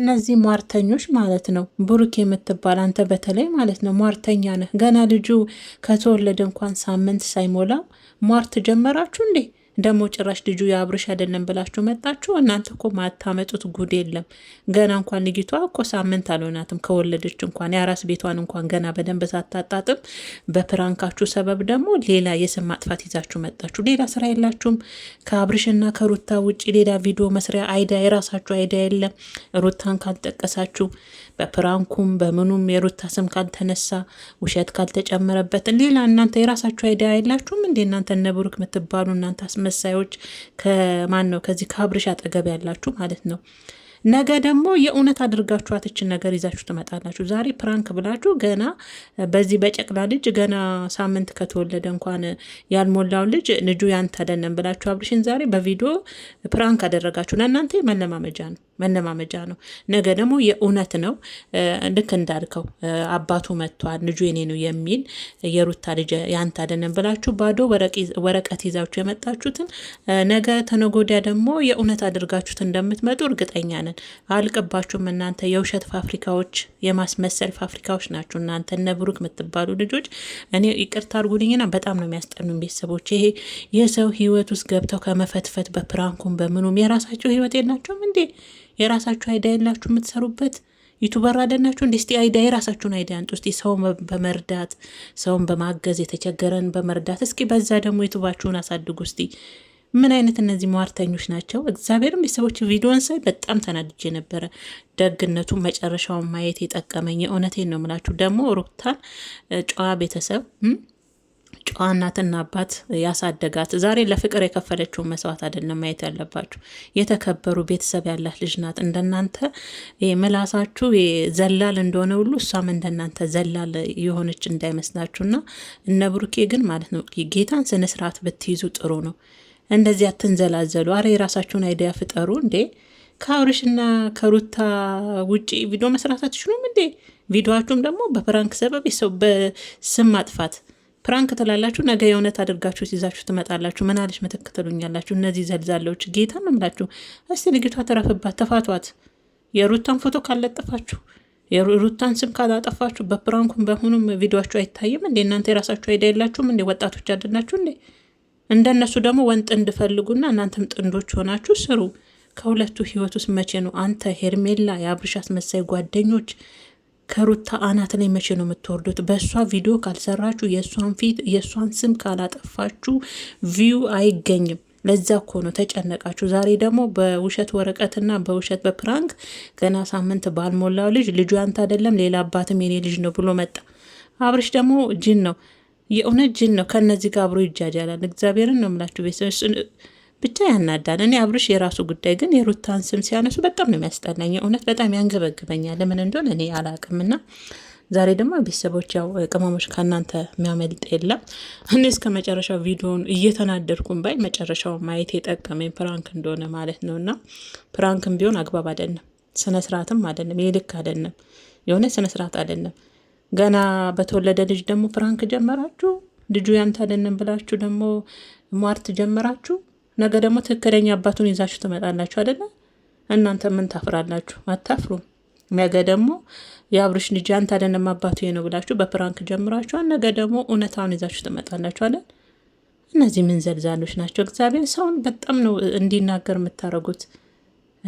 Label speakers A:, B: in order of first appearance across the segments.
A: እነዚህ ሟርተኞች ማለት ነው። ብሩክ የምትባል አንተ በተለይ ማለት ነው ሟርተኛ ነህ። ገና ልጁ ከተወለደ እንኳን ሳምንት ሳይሞላ ሟርት ጀመራችሁ እንዴ? ደግሞ ጭራሽ ልጁ የአብርሽ አይደለም ብላችሁ መጣችሁ። እናንተ እኮ ማታመጡት ጉድ የለም። ገና እንኳን ልጅቷ እኮ ሳምንት አልሆናትም ከወለደች እንኳን የአራስ ቤቷን እንኳን ገና በደንብ ሳታጣጥም በፕራንካችሁ ሰበብ ደግሞ ሌላ የስም ማጥፋት ይዛችሁ መጣችሁ። ሌላ ስራ የላችሁም ከአብርሽና ከሩታ ውጭ ሌላ ቪዲዮ መስሪያ አይዳ የራሳችሁ አይዳ የለም። ሩታን ካልጠቀሳችሁ በፕራንኩም በምኑም የሩታ ስም ካልተነሳ ውሸት ካልተጨመረበት ሌላ እናንተ የራሳችሁ አይዳ የላችሁም እንዴ እናንተ እነ ብሩክ የምትባሉ እናንተ አስመሳዮች ከማን ነው ከዚህ ከአብርሽ አጠገብ ያላችሁ ማለት ነው። ነገ ደግሞ የእውነት አድርጋችሁ አትችን ነገር ይዛችሁ ትመጣላችሁ። ዛሬ ፕራንክ ብላችሁ ገና በዚህ በጨቅላ ልጅ ገና ሳምንት ከተወለደ እንኳን ያልሞላው ልጅ ልጁ ያንተ አይደለም ብላችሁ አብርሽን ዛሬ በቪዲዮ ፕራንክ አደረጋችሁ። ለእናንተ መለማመጃ ነው። መነማመጃ ነው። ነገ ደግሞ የእውነት ነው። ልክ እንዳልከው አባቱ መጥቷል፣ ልጁ የኔ ነው የሚል የሩታ ልጅ ያንተ አይደለም ብላችሁ ባዶ ወረቀት ይዛችሁ የመጣችሁትን ነገ ተነጎዳ ደግሞ የእውነት አድርጋችሁት እንደምትመጡ እርግጠኛ ነን። አልቀባችሁም። እናንተ የውሸት ፋብሪካዎች፣ የማስመሰል ፋብሪካዎች ናችሁ እናንተ እነ ብሩክ የምትባሉ ልጆች። እኔ ይቅርታ አድርጉልኝና በጣም ነው የሚያስጠኑ ቤተሰቦች። ይሄ የሰው ህይወት ውስጥ ገብተው ከመፈትፈት በፕራንኩም በምኑም የራሳቸው ህይወት የላቸውም እንዴ? የራሳችሁ አይዲያ የላችሁ የምትሰሩበት ዩቱበር አይደላችሁ እንዴ? ስቲ አይዲያ የራሳችሁን አይዲያ አንጡ። ስቲ ሰውን በመርዳት ሰውን በማገዝ የተቸገረን በመርዳት እስኪ በዛ ደግሞ ዩቱባችሁን አሳድጉ። ስቲ ምን አይነት እነዚህ ሟርተኞች ናቸው? እግዚአብሔርም ቤተሰቦች ቪዲዮን ሳይ በጣም ተናድጄ ነበረ። ደግነቱ መጨረሻውን ማየት የጠቀመኝ እውነቴን ነው ምላችሁ ደግሞ ሩታን ጨዋ ቤተሰብ ጨዋ እናትና አባት ያሳደጋት ዛሬ ለፍቅር የከፈለችውን መስዋዕት አይደለም ማየት ያለባችሁ። የተከበሩ ቤተሰብ ያላት ልጅ ናት። እንደናንተ ምላሳችሁ ዘላል እንደሆነ ሁሉ እሷም እንደናንተ ዘላል የሆነች እንዳይመስላችሁና እነ ብሩኬ ግን ማለት ነው ጌታን ስነስርዓት ብትይዙ ጥሩ ነው። እንደዚያ ትንዘላዘሉ አረ የራሳችሁን አይዲያ ፍጠሩ እንዴ! ከአብርሽና ከሩታ ውጪ ቪዲዮ መስራት አትችሉም እንዴ? ቪዲዮችሁም ደግሞ በፕራንክ ሰበብ ሰው በስም ማጥፋት ፕራንክ ትላላችሁ፣ ነገ የእውነት አድርጋችሁ ሲይዛችሁ ትመጣላችሁ። ምናለሽ ምትክ ትሉኛላችሁ። እነዚህ ዘልዛለዎች ጌታ መምላችሁ። እስቲ ልጅቷ ተረፍባት፣ ተፋቷት። የሩታን ፎቶ ካለጠፋችሁ፣ የሩታን ስም ካላጠፋችሁ፣ በፕራንኩም በሆኑም ቪዲዮችሁ አይታይም እንዴ? እናንተ የራሳችሁ አይዳ የላችሁም እንዴ? ወጣቶች አድናችሁ እንዴ? እንደነሱ ደግሞ ወንድ እንድፈልጉና እናንተም ጥንዶች ሆናችሁ ስሩ። ከሁለቱ ህይወት ውስጥ መቼ ነው አንተ ሄርሜላ፣ የአብርሻ አስመሳይ ጓደኞች ከሩታ አናት ላይ መቼ ነው የምትወርዱት? በእሷ ቪዲዮ ካልሰራችሁ፣ የእሷን ፊት የእሷን ስም ካላጠፋችሁ ቪው አይገኝም። ለዛ እኮ ነው ተጨነቃችሁ። ዛሬ ደግሞ በውሸት ወረቀትና በውሸት በፕራንክ ገና ሳምንት ባልሞላው ልጅ ልጁ አንተ አይደለም ሌላ አባትም የኔ ልጅ ነው ብሎ መጣ። አብርሽ ደግሞ ጅን ነው፣ የእውነት ጅን ነው። ከነዚህ ጋር አብሮ ይጃጃላል። እግዚአብሔርን ነው የምላችሁ ቤተሰብ ብቻ ያናዳል። እኔ አብርሽ የራሱ ጉዳይ ግን የሩታን ስም ሲያነሱ በጣም ነው የሚያስጠላኝ። የእውነት በጣም ያንገበግበኛል። ለምን እንደሆነ እኔ አላቅምና ዛሬ ደግሞ ቤተሰቦች ያው ቅመሞች ከእናንተ የሚያመልጥ የለም። እኔ እስከ መጨረሻው ቪዲዮን እየተናደድኩም ባይ መጨረሻው ማየት የጠቀመኝ ፕራንክ እንደሆነ ማለት ነው። እና ፕራንክም ቢሆን አግባብ አይደለም፣ ስነስርዓትም አይደለም፣ የልክ አይደለም፣ የሆነ ስነስርዓት አይደለም። ገና በተወለደ ልጅ ደግሞ ፕራንክ ጀመራችሁ። ልጁ ያንተ አይደለም ብላችሁ ደግሞ ሟርት ጀመራችሁ። ነገ ደግሞ ትክክለኛ አባቱን ይዛችሁ ትመጣላችሁ አደለ? እናንተ ምን ታፍራላችሁ? አታፍሩም። ነገ ደግሞ የአብርሽ ልጅ አንተ አይደለም አባቱ ነው ብላችሁ በፕራንክ ጀምራችኋል። ነገ ደግሞ እውነታውን ይዛችሁ ትመጣላችሁ አይደል? እነዚህ ምን ዘልዛሎች ናቸው? እግዚአብሔር ሰውን በጣም ነው እንዲናገር የምታደርጉት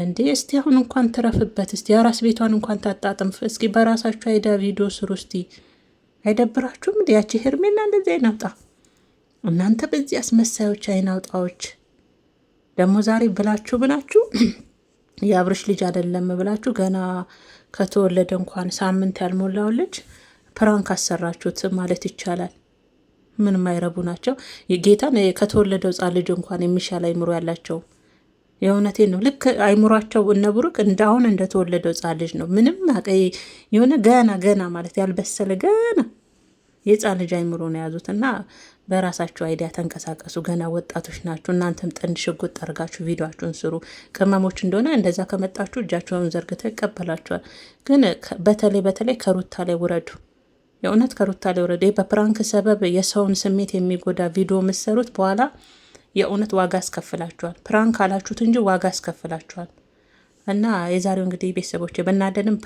A: እንዴ! እስቲ አሁን እንኳን ትረፍበት፣ እስቲ የራስ ቤቷን እንኳን ታጣጥም፣ እስኪ በራሳችሁ አይዳ ቪዲዮ ስሩ እስቲ። አይደብራችሁም? ያቺ ሄርሜላ እንደዚህ አይናውጣ እናንተ በዚህ አስመሳዮች አይናውጣዎች ደግሞ ዛሬ ብላችሁ ብላችሁ የአብርሽ ልጅ አይደለም ብላችሁ ገና ከተወለደ እንኳን ሳምንት ያልሞላው ልጅ ፕራንክ አሰራችሁት ማለት ይቻላል። ምን ማይረቡ ናቸው። ጌታን ከተወለደው ሕፃን ልጅ እንኳን የሚሻል አይምሮ ያላቸው የእውነቴ ነው። ልክ አይምሯቸው እነ ብሩክ እንዳሁን እንደተወለደው ሕፃን ልጅ ነው። ምንም የሆነ ገና ገና ማለት ያልበሰለ ገና የሕፃን ልጅ አይምሮ ነው የያዙት እና በራሳችሁ አይዲያ ተንቀሳቀሱ። ገና ወጣቶች ናችሁ። እናንተም ጥንድ ሽጉጥ ጠርጋችሁ ቪዲዮችሁን ስሩ። ቅመሞች እንደሆነ እንደዛ ከመጣችሁ እጃቸውን ዘርግተው ይቀበላችኋል። ግን በተለይ በተለይ ከሩታ ላይ ውረዱ። የእውነት ከሩታ ላይ ውረዱ። በፕራንክ ሰበብ የሰውን ስሜት የሚጎዳ ቪዲዮ የምትሰሩት በኋላ የእውነት ዋጋ ያስከፍላችኋል። ፕራንክ አላችሁት እንጂ ዋጋ ያስከፍላችኋል። እና የዛሬው እንግዲህ ቤተሰቦች በናደንም